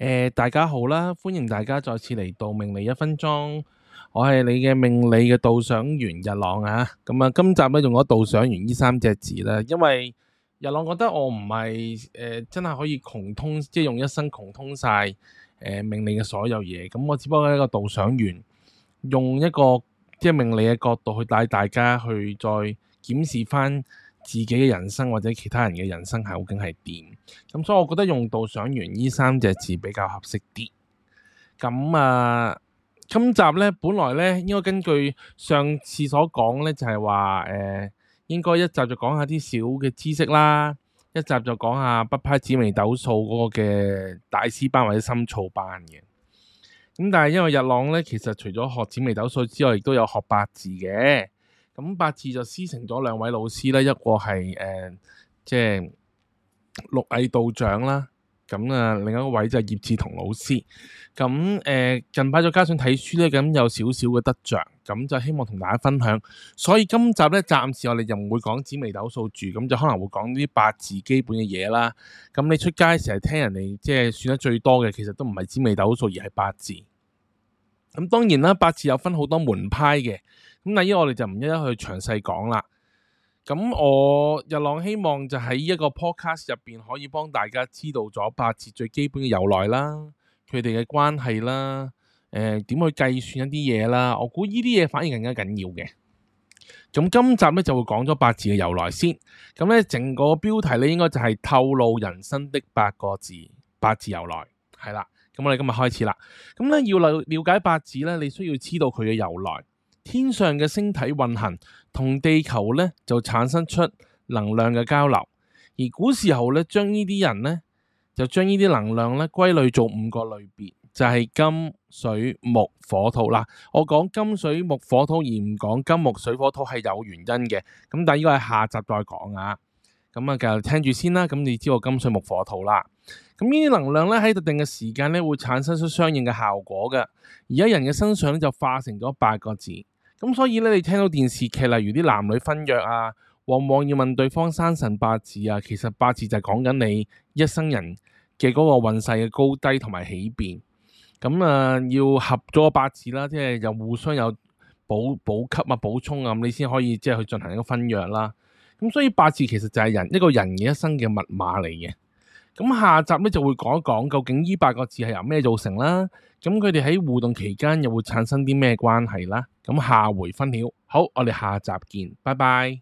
誒、呃，大家好啦，歡迎大家再次嚟到命理一分鐘，我係你嘅命理嘅導賞員日朗啊，咁、嗯、啊，今集咧用咗導賞員呢三隻字啦，因為日朗覺得我唔係誒真係可以窮通，即係用一生窮通晒誒、呃、命理嘅所有嘢，咁、嗯、我只不過係一個導賞員，用一個即係命理嘅角度去帶大家去再檢視翻。自己嘅人生或者其他人嘅人生究竟係點？咁所以我覺得用到賞完呢三隻字比較合適啲。咁啊，今集呢，本來呢應該根據上次所講呢，就係話誒，應該一集就講下啲小嘅知識啦，一集就講下北派紫微斗數嗰個嘅大師班或者深造班嘅。咁但係因為日朗呢，其實除咗學紫微斗數之外，亦都有學八字嘅。咁八字就師承咗兩位老師咧，一個係誒、呃、即係陸毅道長啦，咁啊另一個位就係葉志同老師。咁誒、呃、近排再加上睇書咧，咁有少少嘅得着，咁就希望同大家分享。所以今集咧，暫時我哋就唔會講紫微斗數住，咁就可能會講啲八字基本嘅嘢啦。咁你出街成日聽人哋即係算得最多嘅，其實都唔係紫微斗數，而係八字。咁當然啦，八字有分好多門派嘅。咁嗱，依我哋就唔一一去詳細講啦。咁我日朗希望就喺一個 podcast 入邊，可以幫大家知道咗八字最基本嘅由來啦，佢哋嘅關係啦，誒、呃，點去計算一啲嘢啦。我估呢啲嘢反而更加緊要嘅。咁今集咧就會講咗八字嘅由來先。咁咧，整個標題咧應該就係透露人生的八個字，八字由來係啦。咁我哋今日開始啦。咁咧要嚟了解八字咧，你需要知道佢嘅由來。天上嘅星體運行，同地球咧就產生出能量嘅交流。而古時候咧，將呢啲人咧，就將呢啲能量咧歸類做五個類別，就係金、水、木、火、土啦。我講金、水、木、火、土而唔講金、木、水、火、土係有原因嘅。咁但係呢個係下集再講啊。咁啊，繼續聽住先啦。咁你知我金、水、木、火、土啦。咁呢啲能量咧喺特定嘅時間咧會產生出相應嘅效果嘅。而家人嘅身上咧就化成咗八個字。咁所以咧，你聽到電視劇例如啲男女婚約啊，往往要問對方生辰八字啊，其實八字就係講緊你一生人嘅嗰個運勢嘅高低同埋起變。咁啊，要合咗八字啦，即係又互相有補補給啊、補充啊，咁你先可以即係去進行一個婚約啦。咁所以八字其實就係人一個人嘅一生嘅密碼嚟嘅。咁下集咧就會講一講究竟呢八個字係由咩造成啦，咁佢哋喺互動期間又會產生啲咩關係啦？咁下回分曉，好，我哋下集見，拜拜。